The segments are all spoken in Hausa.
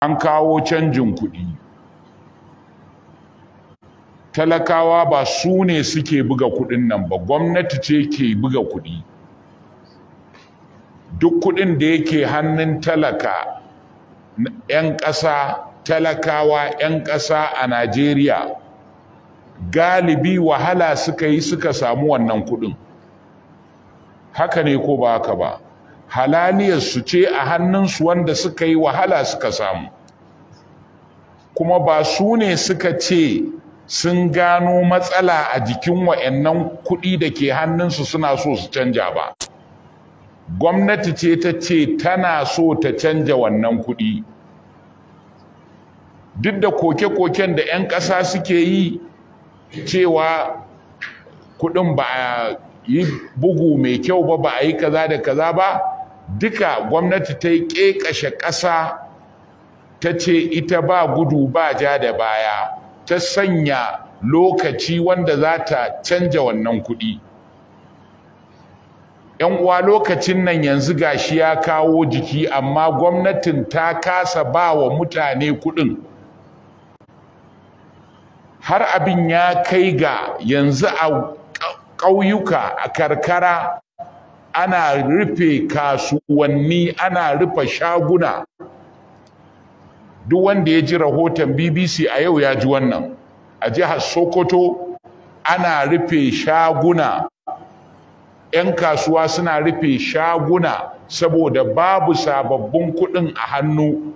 an kawo canjin kuɗi talakawa ba su ne suke buga kuɗin nan ba gwamnati ce ke buga kuɗi duk kuɗin da yake hannun talaka 'yan ƙasa talakawa 'yan ƙasa a najeriya galibi wahala suka yi suka samu wannan kuɗin haka ne ko ba haka ba su ce a hannunsu wanda suka yi wahala suka samu kuma ba su ne suka ce sun gano matsala a jikin wa'annan kuɗi da ke hannunsu suna so su canja ba gwamnati ce ta ce tana so ta canja wannan kuɗi duk da koke-koken da 'yan ƙasa suke yi cewa kuɗin ba a yi bugu mai kyau ba ba a yi kaza da kaza ba duka gwamnati ta yi ƙeƙashe ƙasa ta ce ita ba gudu ba ja da baya ta sanya lokaci wanda za ta canja wannan kuɗi ‘yan uwa lokacin nan yanzu ga shi ya kawo jiki amma gwamnatin ta kasa ba wa mutane kuɗin har abin ya kai ga yanzu a ƙauyuka a karkara ana rufe kasuwanni ana rufe shaguna duk wanda ya ji rahoton bbc a yau ya ji wannan a jihar sokoto ana rufe shaguna 'yan kasuwa suna rufe shaguna saboda babu sababbin kuɗin a hannu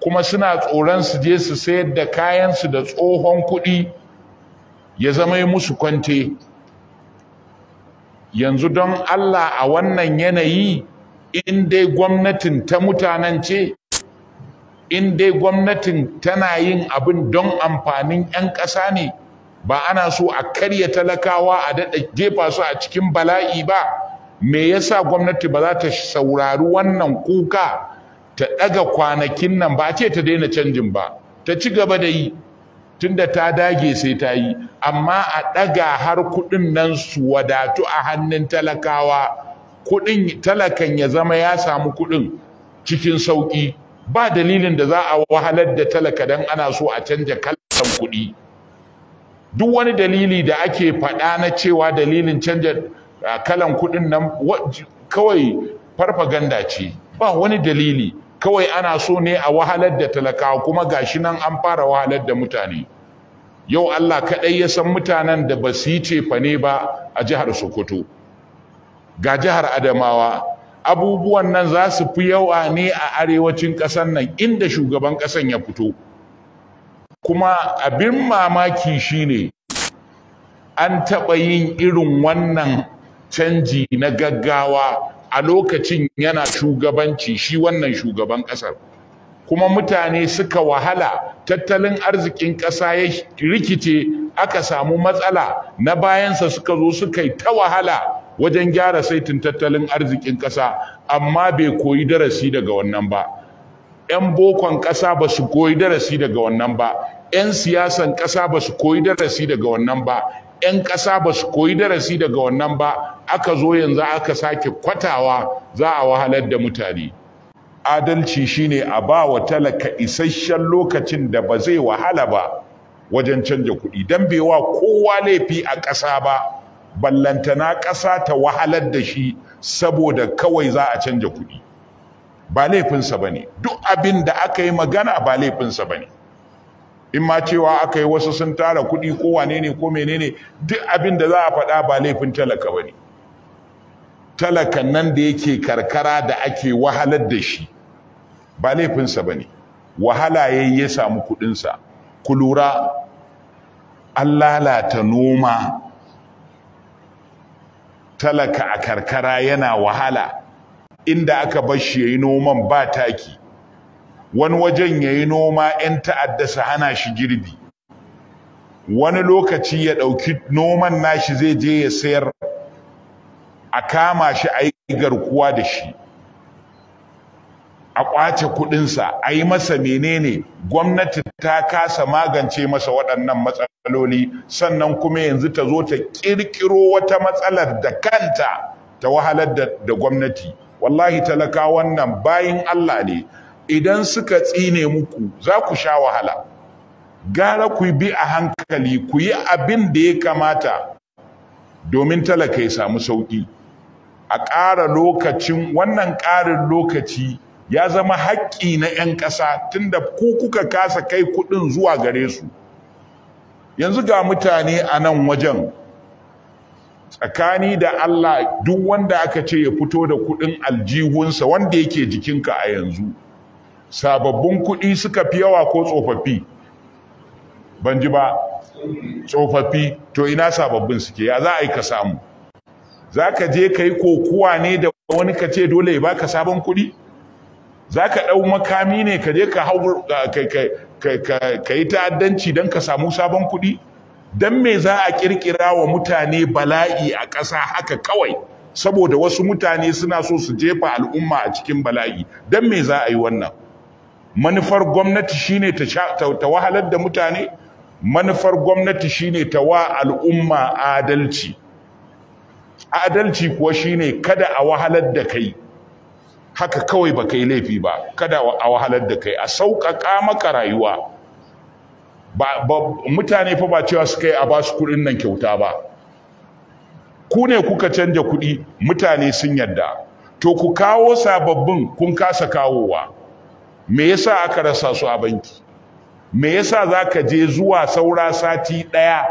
kuma suna tsoron su je su sayar da kayansu da tsohon kuɗi ya zama musu kwante. yanzu don Allah a wannan yanayi in dai gwamnatin ta mutanen ce in dai gwamnatin tana yin abin don amfanin 'yan ƙasa ne ba ana so a karya talakawa a daɗa jefa su a cikin bala'i ba me yasa gwamnati ba za ta saurari wannan kuka ta ɗaga kwanakin nan ba ce ta daina canjin ba ta ci gaba da yi tunda ta dage sai ta yi amma a ɗaga har kuɗin nan su wadatu a hannun talakawa kuɗin talakan ya zama ya samu kuɗin cikin sauƙi ba dalilin da za a wahalar da talaka dan ana so a canja kalan kuɗi duk wani dalili da ake faɗa na cewa dalilin canja kalan kuɗin nan kawai farfaganda ce ba wani dalili kawai ana so ne a wahalar da talakawa kuma gashi nan an fara wahalar da mutane yau Allah kaɗai ya san mutanen da ba su yi cefane ba a jihar Sokoto ga jihar Adamawa abubuwan nan za su fi yawa ne a arewacin ƙasar nan inda shugaban ƙasan ya fito kuma abin mamaki shine an taɓa yin irin wannan canji na gaggawa a lokacin yana shugabanci shi wannan shugaban ƙasar kuma mutane suka wahala tattalin arzikin ƙasa ya rikice aka samu matsala na bayansa suka zo suka yi ta wahala wajen gyara saitin tattalin arzikin ƙasa amma bai koyi darasi daga wannan ba 'yan bokon ƙasa ba su koyi darasi daga wannan ba 'yan siyasan ƙasa ba su koyi darasi daga wannan ba 'yan ƙasa ba su koyi darasi daga wannan ba aka zo yanzu aka sake kwatawa za a wahalar da mutane adalci shine a ba wa talaka isasshen lokacin da ba zai wahala ba wajen canja kuɗi don bai wa kowa laifi a ƙasa ba ballantana ƙasa ta wahalar da shi saboda kawai za a canja kuɗi ba laifinsa ba ne duk abin da aka yi magana ba laifinsa ba ne in ma cewa aka yi wasu sun tara kuɗi ko wane ne ko menene duk abin da za a faɗa ba laifin talaka ba ne talakan nan da yake karkara da ake wahalar da shi ba laifinsa ba ne wahala ya ya samu kuɗinsa ku lura an lalata noma talaka a karkara yana wahala inda aka bar shi ya yi noman ba taki wani wajen ya yi noma 'yan ta'adda su hana shi girbi wani lokaci ya ɗauki noman nashi zai je ya sayar a kama shi a yi garkuwa da shi a ƙwace kuɗinsa a yi masa menene gwamnati ta kasa magance masa waɗannan matsaloli sannan kuma yanzu ta zo ta ƙirƙiro wata matsalar da kanta ta wahalar da gwamnati wallahi talaka wannan bayin Allah ne idan suka tsine muku za ku sha wahala gara ku bi a hankali ku yi abin da ya kamata domin talaka ya samu sauƙi a ƙara lokacin wannan ƙarin lokaci ya zama haƙƙi na 'yan ƙasa tunda ku kuka kasa kai kuɗin zuwa gare su yanzu ga mutane a nan wajen tsakani da Allah duk wanda aka ce ya fito da kuɗin aljihunsa wanda yake jikinka a yanzu sababbin kuɗi suka fi yawa ko tsofaffi ban ji ba tsofaffi to ina sababbin suke ya za a yi ka samu za ka je ka yi kokuwa ne da wani ka ce dole ya baka sabon kuɗi za ka ɗau makami ne ka je ka hau ka yi ta'addanci don ka samu sabon kuɗi don me za a ƙirƙira wa mutane bala'i a ƙasa haka kawai saboda wasu mutane suna so su jefa al'umma a cikin bala'i don me za a yi wannan manufar gwamnati shine ta wahalar da mutane manufar gwamnati shine ta wa al'umma adalci adalci kuwa shine kada a wahalar da kai haka kawai ba kai laifi ba kada a wahalar da kai a sauƙaƙa maka rayuwa mutane fa ba cewa suka yi a ba su kuɗin nan kyauta ba ku ne kuka canja kuɗi mutane sun yarda to ku kawo sababbin kun kasa kawowa me yasa aka rasa su a banki me yasa za ka je zuwa saura sati ɗaya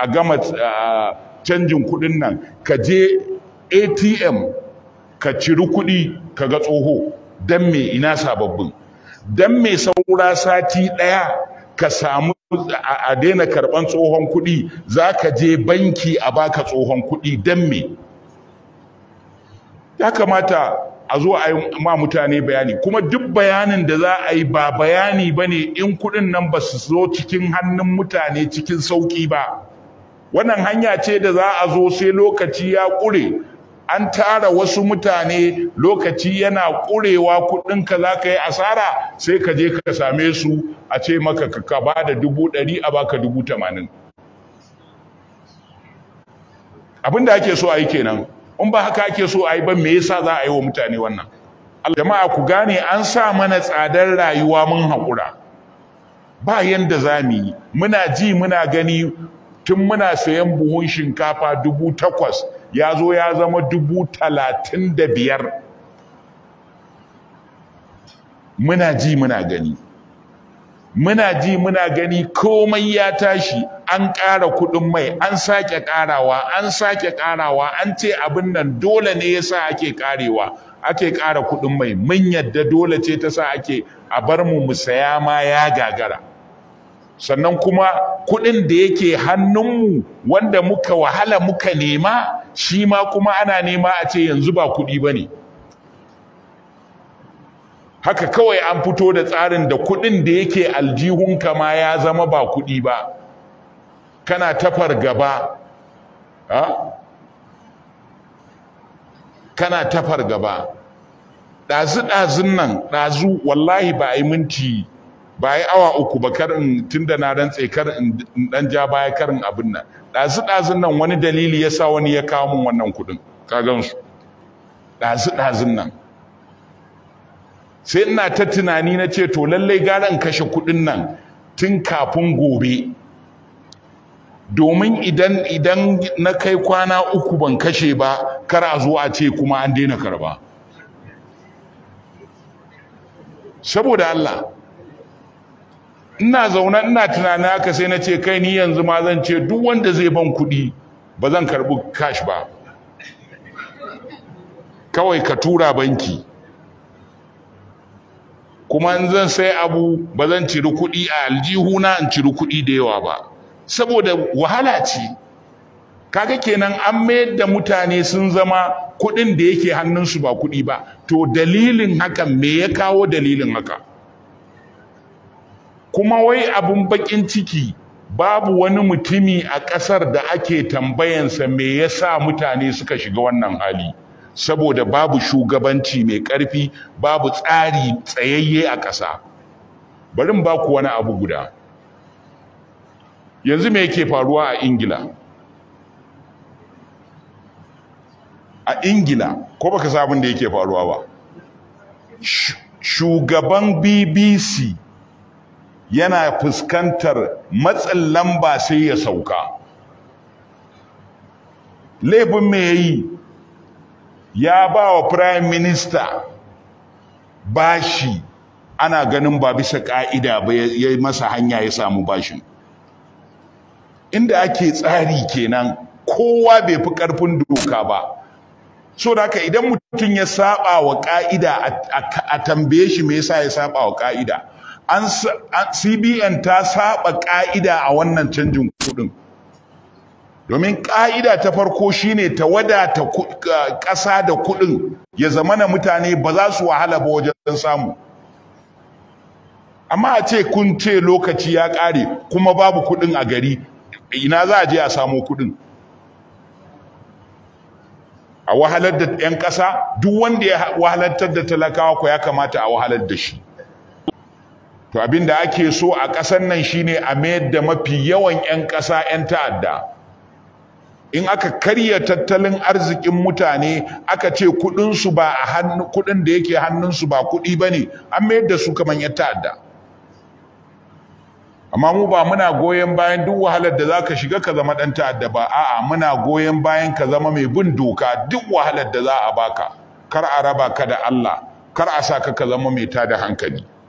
a gama canjin kuɗin nan ka je atm ka ciri kuɗi ka ga tsoho don me ina sababbin don me saura sati ɗaya ka samu a daina karɓan tsohon kuɗi za ka je banki a baka tsohon kuɗi don me ya kamata a zo a yi ma mutane bayani kuma duk bayanin da za a yi ba bayani ba ne in kuɗin nan ba su zo cikin hannun mutane cikin sauƙi ba wannan hanya ce da za a zo sai lokaci ya ƙure an tara wasu mutane lokaci yana ƙurewa kuɗinka za ka yi asara sai ka je ka same su a ce maka ka ba da dubu ɗari a baka dubu tamanin abin da ake so a yi kenan in ba haka ake so a yi ba me yasa za a yi wa mutane wannan jama'a ku gane an sa mana tsadar rayuwa mun haƙura ba yanda za mu yi muna ji muna gani tun muna sayan buhun shinkafa dubu takwas ya zo ya zama dubu talatin da biyar muna ji muna gani muna ji muna gani komai ya tashi an ƙara kuɗin mai an sake ƙarawa an sake ƙarawa an ce abin nan dole ne yasa ake ƙarewa ake ƙara kuɗin mai mun yadda dole ce ta sa ake a bar mu mu saya ma ya gagara sannan kuma kuɗin da yake hannunmu wanda muka wahala muka nema shi ma kuma ana nema a ce yanzu ba kuɗi ba ne haka kawai an fito da tsarin da kuɗin da yake aljihunka ma ya zama ba kuɗi ba kana tafar gaba kana tafar gaba ɗazu-ɗazun nan ɗazu wallahi ba a yi minti ba yi awa uku ba karin tun da na rantse karin ɗan ja baya karin abin nan ɗazu-ɗazun nan wani dalili ya sa wani ya kawo min wannan kuɗin ka gansu ɗazu-ɗazun nan sai ina ta tunani na ce to lallai gara in kashe kuɗin nan tun kafin gobe domin idan idan na kai kwana uku ban kashe ba kar a zo a ce kuma an daina karba saboda Allah ina zaune ina tunanin haka sai na ce kai ni yanzu ma zan ce duk wanda zai ban kuɗi ba zan karɓi cash ba kawai ka tura banki kuma in zan sai abu ba zan ciri kuɗi a aljihu na in ciri kuɗi da yawa ba saboda wahala ce kaga kenan an mayar da mutane sun zama kuɗin da yake hannunsu ba kuɗi ba to dalilin haka me ya kawo dalilin haka kuma wai abin baƙin ciki babu wani mutumi a ƙasar da ake tambayansa me yasa mutane suka shiga wannan hali saboda babu shugabanci mai ƙarfi babu tsari tsayayye a ƙasa bari ba ku wani abu guda yanzu me yake faruwa a ingila a ingila ko baka sabon da yake faruwa ba shugaban bbc yana fuskantar matsin lamba sai ya sauka laifin me yi? ya ba wa prime minister bashi ana ganin ba bisa ka'ida ba ya masa hanya ya samu bashin inda ake tsari kenan kowa bai fi karfin doka ba so da haka idan mutum ya saba wa ka'ida a tambaye shi me yasa ya saba wa ka'ida an cbn ta saba ka'ida a wannan canjin kudin domin ƙa'ida ta farko shine ta wadata ƙasa da kuɗin ya zama na mutane ba za su wahala ba wajen samu amma a ce kun ce lokaci ya ƙare kuma babu kuɗin a gari ina za a je a samo kuɗin a wahalar da 'yan ƙasa duk wanda ya wahalartar da talakawa ko ya kamata a wahalar da shi to abin da ake so a ƙasar nan shine a mayar da mafi yawan 'yan ƙasa 'yan ta'adda in aka karya tattalin arzikin mutane aka ce su ba a hannu kudin da yake hannunsu ba kudi ba ne an mayar da su kamar yan ta'adda amma mu ba muna goyon bayan duk wahalar da zaka shiga ka zama dan ta'adda ba a'a muna goyon bayan ka zama mai bin doka duk wahalar da za a baka kar a raba ka da Allah kar a saka ka zama mai tada hankali